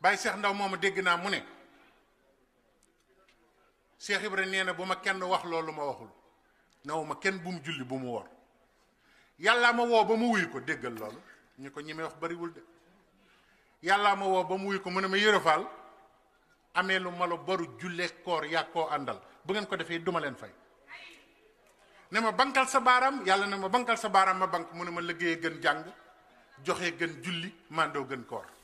bay cheikh ndaw mooma deg na mu ne cheikh ibra neena buma kenn wax lolou ma waxul nawuma kenn bu mu julli bu mu wor yalla ma wo ba mu wuyu ko deggal lolou ñu ko ñemee wax wul de yalla ma wo ba mu ko mu ne ma yërëfaal lu malo baru julle koor ya ko andal bu ngeen ko defé duma len fay ne ma bankal sa baram yalla ne ma bankal sa baram ma bank mu ne ma liggéeye gën jang joxe gën julli mando gën koor